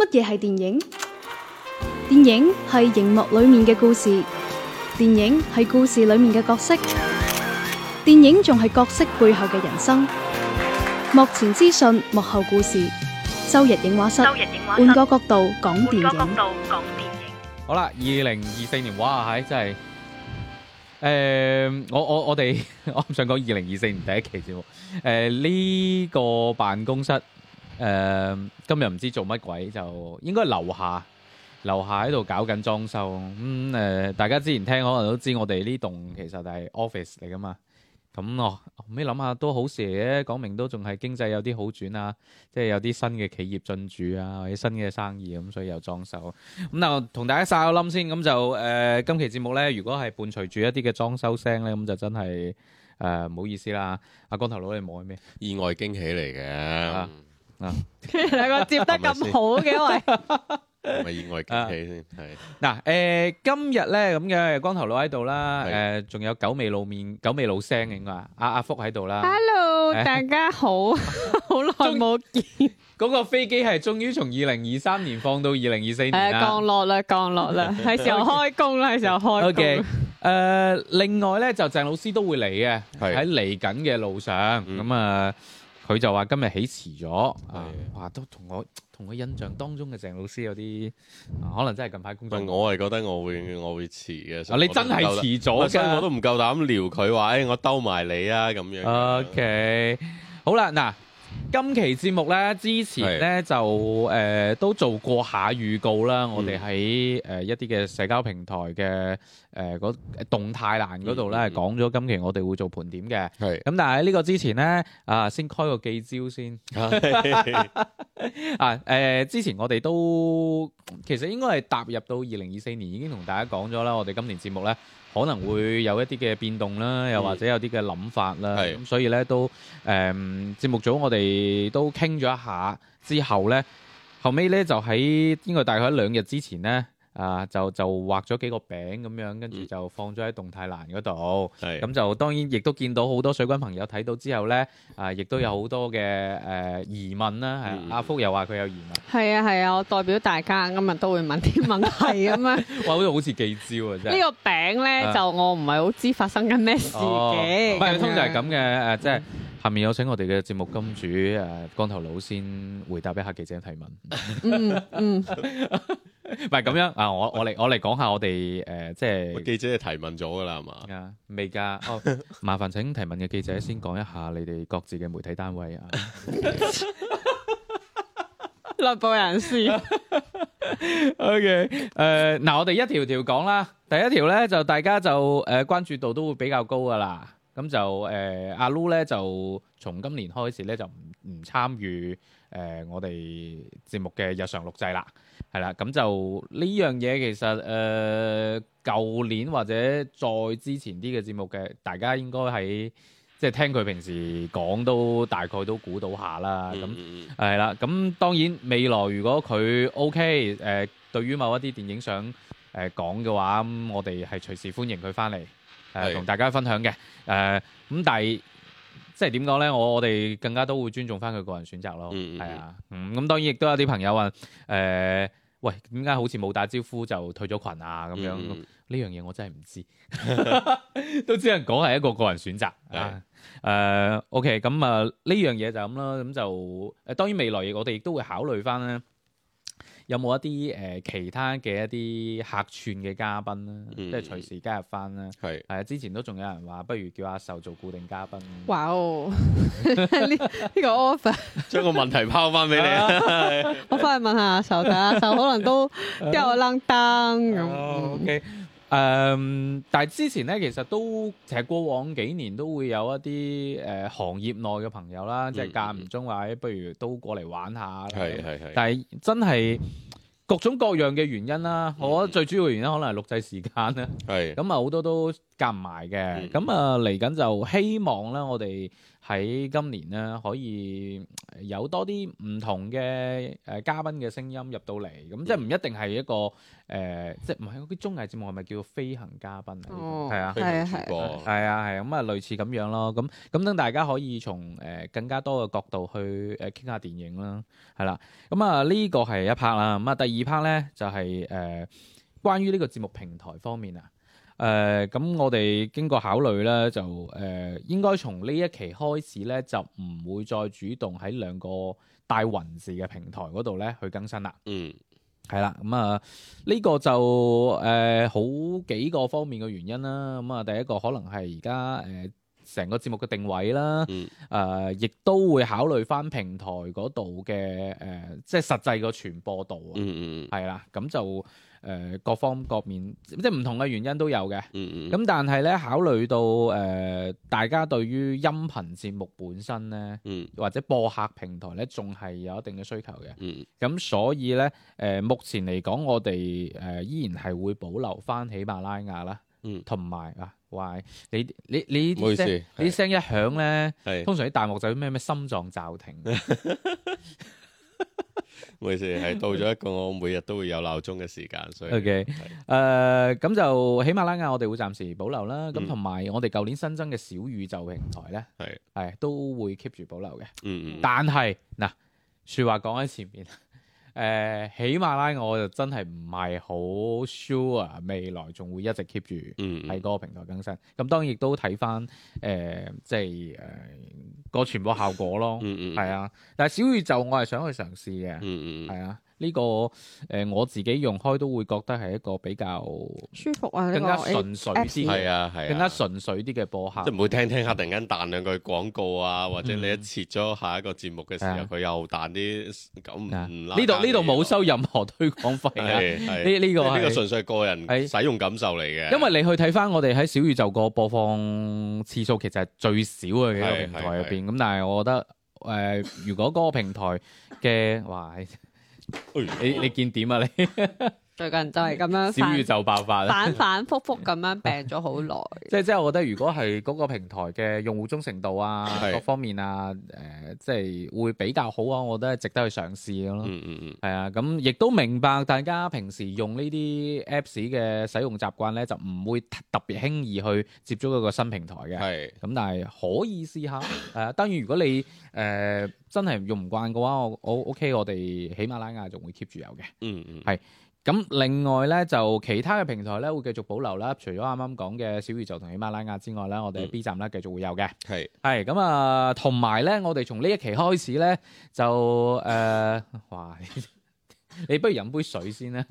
乜嘢係電影？電影係熒幕裏面嘅故事，電影係故事裏面嘅角色，電影仲係角色背後嘅人生。幕前資訊，幕後故事。周日映畫室，換個角度講電影。好啦，二零二四年，哇，係真係。誒，我我我哋，我唔想講二零二四年第一期啫。誒，呢個辦公室。誒、呃，今日唔知做乜鬼就應該樓下樓下喺度搞緊裝修咁，誒、嗯呃，大家之前聽可能都知我哋呢棟其實就係 office 嚟噶嘛。咁咯後諗下都好事嘅，講明都仲係經濟有啲好轉啊，即係有啲新嘅企業進駐啊，或者新嘅生意咁，嗯，所以有裝修咁嗱，同，嗯、大家晒個冧先咁，嗯、就誒、呃，今期節目咧，如果係伴隨住一啲嘅裝修聲咧，咁，嗯、就真係誒唔好意思啦，阿光頭佬你望咩？意外驚喜嚟嘅。啊啊！兩個接得咁好嘅，係咪意外驚喜先？係嗱，誒，今日咧咁嘅，光頭佬喺度啦，誒，仲有久未露面、久未露聲嘅嘛？阿阿福喺度啦。Hello，大家好，好耐冇見。嗰個飛機係終於從二零二三年放到二零二四年啦。降落啦，降落啦，係時候開工啦，係時候開工。OK，誒，另外咧就鄭老師都會嚟嘅，喺嚟緊嘅路上，咁啊。佢就話今日起遲咗，話、啊、是的 都同我同我印象當中嘅鄭老師有啲、啊、可能真係近排工作。我係覺得我會我會遲嘅。你真係遲咗，欸，我都唔夠膽撩佢話，誒我兜埋你啊咁樣。OK，好啦，嗱，今期節目咧之前咧是的 就誒、呃、都做過下預告啦，嗯、我哋喺誒一啲嘅社交平台嘅，誒嗰、呃、動態欄嗰度咧，嗯嗯、講咗今期我哋會做盤點嘅。係是。咁但係喺呢個之前咧，啊先開個記招先。 啊誒、呃，之前我哋都其實應該係踏入到二零二四年，已經同大家講咗啦。我哋今年節目咧可能會有一啲嘅變動啦，又或者有啲嘅諗法啦。咁、嗯、所以咧都誒、呃，節目組我哋都傾咗一下之後咧，後尾咧就喺應該大概兩日之前咧。啊，就就畫咗幾個餅咁樣，跟住就放咗喺動態欄嗰度。係咁、嗯、就當然亦都見到好多水軍朋友睇到之後咧，啊，亦都有好多嘅誒、呃、疑問啦。係、啊嗯、阿福又話佢有疑問。係啊係啊，我代表大家今日都會問啲問題咁樣。 哇，好似好似記招啊！真係呢 個餅咧，就我唔係好知發生緊咩事嘅。唔係、啊，哦、 通常係咁嘅誒，即係下面有請我哋嘅節目金主誒、啊、光頭佬先回答一下記者嘅提問。 唔係咁樣啊喂！我我嚟我嚟講下我哋誒、呃，即係記者係提問咗噶啦，係嘛？啊，未噶哦， 麻煩請提問嘅記者先講一下你哋各自嘅媒體單位啊。內部人士。O K，誒，嗱、呃，我哋一條條講啦。第一條咧就大家就誒、呃、關注度都會比較高噶啦。咁就誒、呃、阿 Lu 咧就從今年開始咧就唔。唔參與誒、呃、我哋節目嘅日常錄製啦，係啦，咁就呢樣嘢其實誒舊、呃、年或者再之前啲嘅節目嘅，大家應該喺即係聽佢平時講都大概都估到下啦，咁係啦，咁當然未來如果佢 O.K. 誒、呃、對於某一啲電影想誒、呃、講嘅話，咁我哋係隨時歡迎佢翻嚟誒同大家分享嘅，誒咁的、呃、但係。即係點講咧？我我哋更加都會尊重翻佢個人選擇咯。係、嗯、啊，咁、嗯、當然亦都有啲朋友話：誒、呃，喂，點解好似冇打招呼就退咗群啊？咁樣呢、嗯、樣嘢、嗯、我真係唔知， 都只能講係一個個人選擇、嗯、啊。誒、嗯、OK，咁啊，呢樣嘢就咁啦。咁就誒，當然未來我哋亦都會考慮翻咧。有冇一啲誒、呃、其他嘅一啲客串嘅嘉賓咧？嗯、即係隨時加入翻啦。係係是啊，之前都仲有人話，不如叫阿壽做固定嘉賓。哇哦，呢呢個 offer，將個問題拋翻俾你。啊。 我翻去問下阿壽，睇阿壽可能都掉兩檔。OK。誒、嗯，但係之前咧，其實都其實過往幾年都會有一啲誒、呃、行業內嘅朋友啦，嗯、即係間唔中話，嗯、不如都過嚟玩下。係係係。但係真係各種各樣嘅原因啦，嗯、我覺得最主要嘅原因可能係錄製時間啦。係是。咁啊好多都。夾埋嘅，咁啊嚟緊就希望咧，我哋喺今年咧可以有多啲唔同嘅誒嘉賓嘅聲音入到嚟，咁即係唔一定係一個誒，即係唔係嗰啲綜藝節目係咪叫做飛行嘉賓啊？哦，係啊，係啊，係啊，咁啊，類似咁樣咯，咁咁等大家可以從誒更加多嘅角度去誒傾下電影啦，係啦，咁啊呢個係一 part 啦，咁啊第二 part 咧就係誒關於呢個節目平台方面啊。誒咁，我哋經過考慮呢，就誒應該從呢一期開始呢，就唔會再主動喺兩個帶雲字嘅平台嗰度呢去更新啦。嗯，係、嗯、啦，咁啊呢個就誒好幾個方面嘅原因啦。咁啊，第一個可能係而家誒成個節目嘅定位啦。嗯。誒，亦都會考慮翻平台嗰度嘅誒，即係實際個傳播度啊。嗯嗯。係、嗯、啦，咁就。誒各方各面，即係唔同嘅原因都有嘅、嗯。嗯嗯。咁但係咧，考慮到誒、呃、大家對於音頻節目本身咧，嗯，或者播客平台咧，仲係有一定嘅需求嘅。嗯。咁所以咧，誒、呃、目前嚟講，我哋誒依然係會保留返喜馬拉雅啦。嗯。同埋啊，話你你你啲聲，你啲聲一響咧，是通常啲彈幕就咩咩心臟驟停。 冇事，係到咗一個我每日都會有鬧鐘嘅時間，所以，誒咁 Okay. 是、呃、就喜馬拉雅我哋會暫時保留啦。咁同埋我哋舊年新增嘅小宇宙平台咧，係係是都會 keep 住保留嘅。嗯嗯。但係嗱，說話講喺前面，誒喜馬拉雅我就真係唔係好 sure 未來仲會一直 keep 住喺嗰個平台更新。咁、嗯嗯、當然亦都睇翻，誒、呃、即係誒。呃個傳播效果咯，嗯嗯，係啊，但係小宇宙我係想去嘗試嘅，嗯嗯，係啊。呢個誒我自己用開都會覺得係一個比較舒服啊，更加純粹啲係啊，係更加純粹啲嘅播客，即係唔會聽聽下突然間彈兩句廣告啊，或者你一切咗下一個節目嘅時候佢又彈啲咁。呢度呢度冇收任何推廣費啊，呢呢個呢個純粹係個人使用感受嚟嘅。因為你去睇翻我哋喺小宇宙個播放次數其實係最少嘅幾個平台入邊，咁但係我覺得誒，如果嗰個平台嘅話，你你見點啊你？最近就係咁樣小宇宙爆發，反反覆覆咁樣病咗好耐。即係即係我覺得，如果係嗰個平台嘅用戶忠誠度啊，是各方面啊，誒、呃，即係會比較好啊，我覺得值得去嘗試咯。嗯嗯嗯。係啊，咁亦都明白大家平時用呢啲 Apps 嘅使用習慣咧，就唔會特別輕易去接觸一個新平台嘅。係是。咁但係可以試下。係、呃、啊，當然如果你誒、呃、真係用唔慣嘅話，我我 OK，我哋喜馬拉雅仲會 keep 住有嘅。嗯嗯。係。咁另外咧就其他嘅平台咧會繼續保留啦，除咗啱啱講嘅小宇宙同喜馬拉雅之外咧，嗯，我哋喺 B 站咧繼續會有嘅。係係咁啊，同埋咧，我哋從呢一期開始咧就誒、呃，哇！ 你不如飲杯水先啦。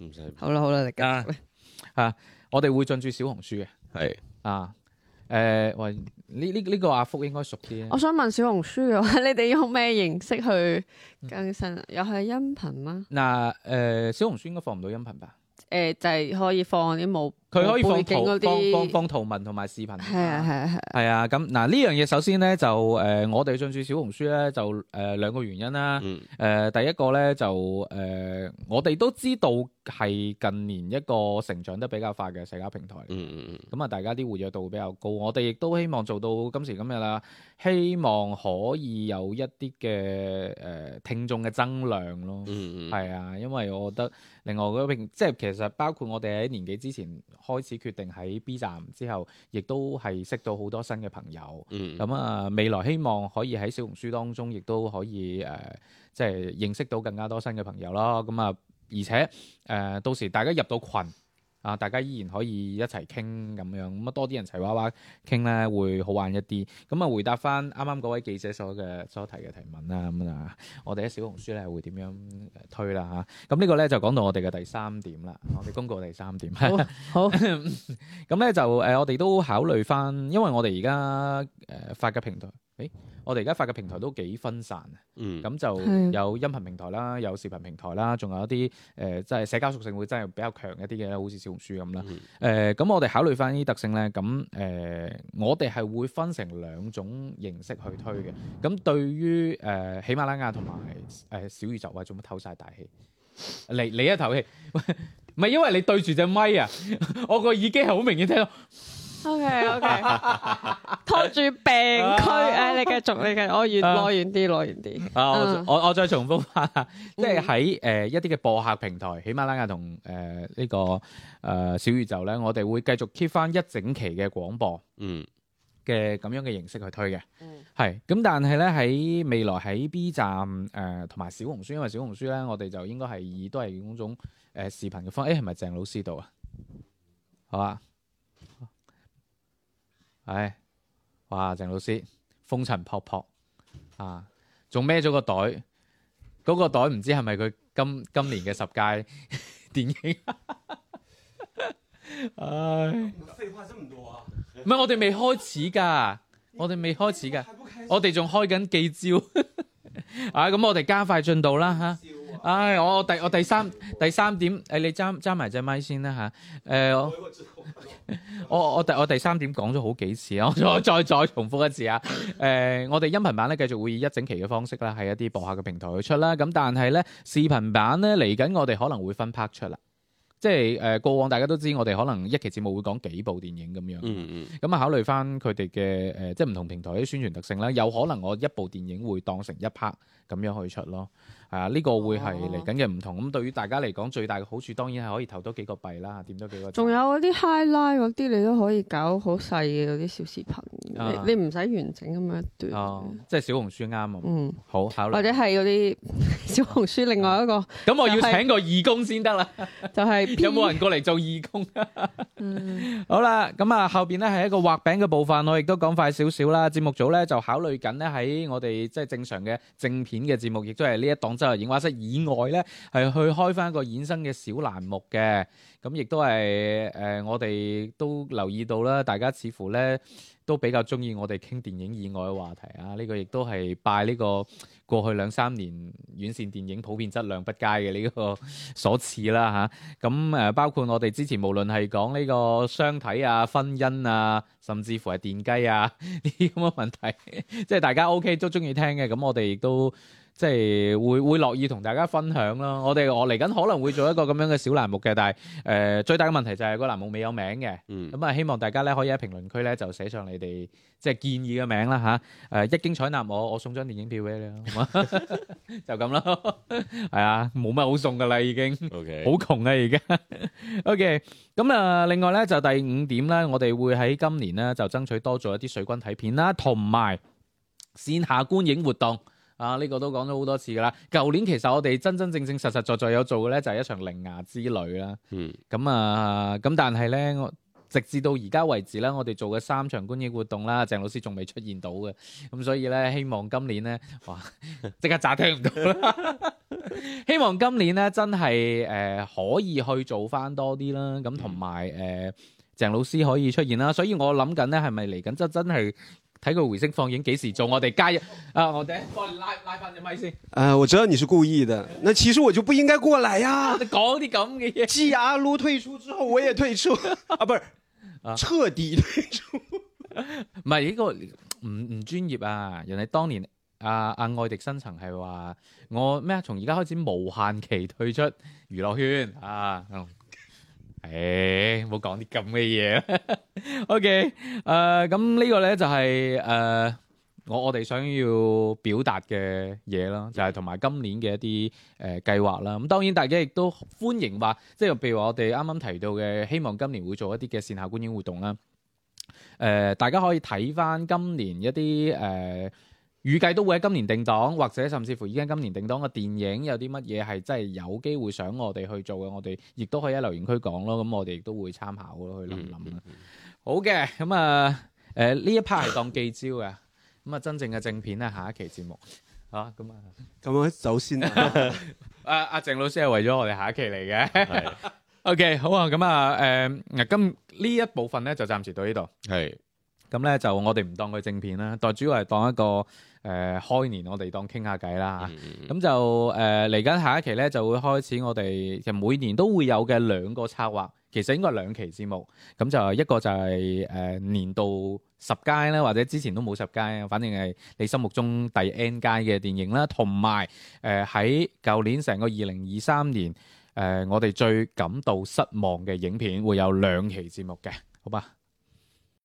唔使。好啦好啦，你繼續。 啊，我哋會進駐小紅書嘅。係是啊。誒，喂、呃，呢呢呢個阿福應該熟啲啊。我想問小紅書嘅話，你哋用咩形式去更新？嗯、又係音頻咩？嗱，誒，小紅書應該放唔到音頻吧？誒、呃，就係、是、可以放啲冇，佢可以放啲，放放，放圖文同埋視頻。係啊係啊係。係啊，咁嗱呢樣嘢，啊啊呃、首先咧就誒、呃，我哋進駐小紅書咧就誒、呃、兩個原因啦、啊。誒、嗯呃，第一個咧就誒、呃，我哋都知道。係近年一個成長得比較快嘅社交平台，咁啊、mm，hmm. 大家啲活躍度比較高。我哋亦都希望做到今時今日啦，希望可以有一啲嘅誒聽眾嘅增量咯，係、mm hmm. 啊，因為我覺得另外嗰平，即係其實包括我哋喺年紀之前開始決定喺 B 站之後，亦都係識到好多新嘅朋友。咁、mm hmm. 啊，未來希望可以喺小紅書當中亦都可以誒、呃，即係認識到更加多新嘅朋友咯。咁啊～而且誒、呃，到時大家入到群啊，大家依然可以一齊傾咁樣，咁啊多啲人齊娃娃傾咧，會好玩一啲。咁啊，回答翻啱啱嗰位記者所嘅所提嘅提問啦。咁啊，我哋喺小紅書咧會點樣推啦？嚇、啊，咁呢個咧就講到我哋嘅第三點啦。 我哋公告第三點。 好，咁咧、 嗯、就誒、呃，我哋都考慮翻，因為我哋而家誒發嘅平台。誒、欸，我哋而家發嘅平台都幾分散嘅，咁、嗯、就有音頻平台啦，有視頻平台啦，仲有一啲誒，即、呃、係、就是、社交屬性會真係比較強一啲嘅好似小紅書咁啦。誒、呃，咁我哋考慮返呢啲特性咧，咁、呃、誒，我哋係會分成兩種形式去推嘅。咁對於誒、呃、喜馬拉雅同埋誒小宇宙，喂，做乜透晒大氣？嚟你一透氣，唔係因為你對住隻咪啊， 我個耳機係好明顯聽到。O K O K，拖住病區，誒、啊啊，你繼續，你繼續，我遠攞遠啲，攞遠啲。啊，我我再重複下，即係喺誒一啲嘅播客平台，喜馬拉雅同誒呢個誒、呃、小宇宙咧，我哋會繼續 keep 返一整期嘅廣播，嗯嘅咁樣嘅形式去推嘅，嗯，係。咁但係咧喺未來喺 B 站誒同埋小紅書，因為小紅書咧我哋就應該係以都係嗰種誒視頻嘅方，誒係咪鄭老師度啊？好啊。好。唉、哎，哇！鄭老師風塵僕僕啊，仲孭咗個袋，嗰、那個袋唔知係咪佢今今年嘅十佳電影？唉、 哎，廢話咁多啊！唔係、哎、我哋未開始噶，你我哋未開始噶，我哋仲開緊記招。哎、 啊，咁我哋加快進度啦吓。啊唉、哎，我第我，我第三第三點，誒、哎、你揸揸埋隻咪先啦嚇。誒、呃，我 我我，我，我第我第三點講咗好幾次，我再再再重複一次啊。誒、呃，我哋音頻版咧繼續會以一整期嘅方式啦，喺一啲播客嘅平台去出啦。咁但係咧，視頻版咧嚟緊，我哋可能會分 part 出啦。即係誒，過往大家都知，我哋可能一期節目會講幾部電影咁樣。嗯嗯。咁啊，考慮翻佢哋嘅誒，即係唔同平台嘅宣傳特性啦，有可能我一部電影會當成一 part。咁樣去出咯，啊，呢個會係嚟緊嘅唔同。咁對於大家嚟講，最大嘅好處當然係可以投多幾個幣啦，點多幾個。仲有嗰啲 highlight 嗰啲，你都可以搞好細嘅嗰啲小視頻。你唔使完整咁樣一段。哦，即係小紅書啱啊。嗯，好考慮。或者係嗰啲小紅書另外一個。咁我要請個義工先得啦。就係有冇人過嚟做義工？好啦，咁啊後邊咧係一個畫餅嘅部分，我亦都講快少少啦。節目組咧就考慮緊咧喺我哋即係正常嘅正片嘅節目，亦都係呢一檔周日映畫室以外呢，係去開翻一個衍生嘅小欄目嘅。咁、嗯、亦都係誒、呃，我哋都留意到啦，大家似乎呢。都比較中意我哋傾電影以外嘅話題啊！呢、呢個亦都係拜呢個過去兩三年院線電影普遍質量不佳嘅呢個所賜啦嚇。咁、啊、誒，包括我哋之前無論係講呢個雙體啊、婚姻啊，甚至乎係電雞啊呢啲咁嘅問題， 即係大家 O、OK, K 都中意聽嘅。咁我哋亦都。即係會會樂意同大家分享啦。我哋我嚟緊可能會做一個咁樣嘅小欄目嘅，但係誒最大嘅問題就係個欄目未有名嘅。嗯，咁啊希望大家咧可以喺評論區咧就寫上你哋即係建議嘅名啦嚇。誒，一經採納我我送張電影票俾你咯，好嘛？就咁咯，係啊，冇乜好送㗎啦已經。OK，好窮啊而家。OK，咁啊另外咧就第五點咧，我哋會喺今年咧就爭取多做一啲水軍睇片啦，同埋線下觀影活動，啊！呢、這個都講咗好多次噶啦。舊年其實我哋真真正正實實在在有做嘅呢，就係、是、一場靈牙之旅啦、嗯嗯。嗯。咁啊，咁但係呢，直至到而家為止呢，我哋做嘅三場觀影活動啦，鄭老師仲未出現到嘅。咁、嗯、所以呢，希望今年呢，哇！即 刻詐聽唔到啦。 希望今年呢，真係誒、呃、可以去做返多啲啦。咁同埋誒，鄭老師可以出現啦。所以我諗緊呢，係咪嚟緊？即真係。睇佢回聲放映幾時做？我哋加啊，我哋幫你拉拉翻隻咪先。誒，我知道你是故意嘅，那其實我就不應該過嚟啊。你講啲咁嘅嘢。G 阿 l 退出之後，我也退出。啊，不是，啊，徹底退出。唔係呢個唔唔專業啊！人哋當年啊啊愛迪生層係話我咩啊？從而家開始無限期退出娛樂圈啊！誒，冇講啲咁嘅嘢 OK，誒、呃，咁呢個咧就係、是、誒、呃，我我哋想要表達嘅嘢啦，就係同埋今年嘅一啲誒計劃啦。咁、呃、當然，大家亦都歡迎話，即係譬如我哋啱啱提到嘅，希望今年會做一啲嘅線下觀影活動啦。誒、呃，大家可以睇翻今年一啲誒。呃預計都會喺今年定檔，或者甚至乎已經今年定檔嘅電影，有啲乜嘢係真係有機會想我哋去做嘅，我哋亦都可以喺留言區講咯。咁我哋亦都會參考咯，去諗諗。嗯嗯、好嘅，咁啊，誒、呃、呢一 part 係當記招嘅。咁啊，真正嘅正片咧，下一期節目嚇。咁啊，咁我首先，啊，阿、 啊、鄭老師係為咗我哋下一期嚟嘅。 的 OK，好啊。咁啊，誒、呃，咁呢一部分咧就暫時到呢度。係。咁咧就我哋唔當佢正片啦，但主要係當一個誒、呃、開年我聊聊，我哋當傾下偈啦嚇。咁就誒嚟緊下一期咧就會開始我，我哋其實每年都會有嘅兩個策劃，其實應該係兩期節目。咁就一個就係、是、誒、呃、年度十佳啦，或者之前都冇十佳，反正係你心目中第 N 佳嘅電影啦。同埋誒喺舊年成個二零二三年，誒、呃、我哋最感到失望嘅影片會有兩期節目嘅，好吧？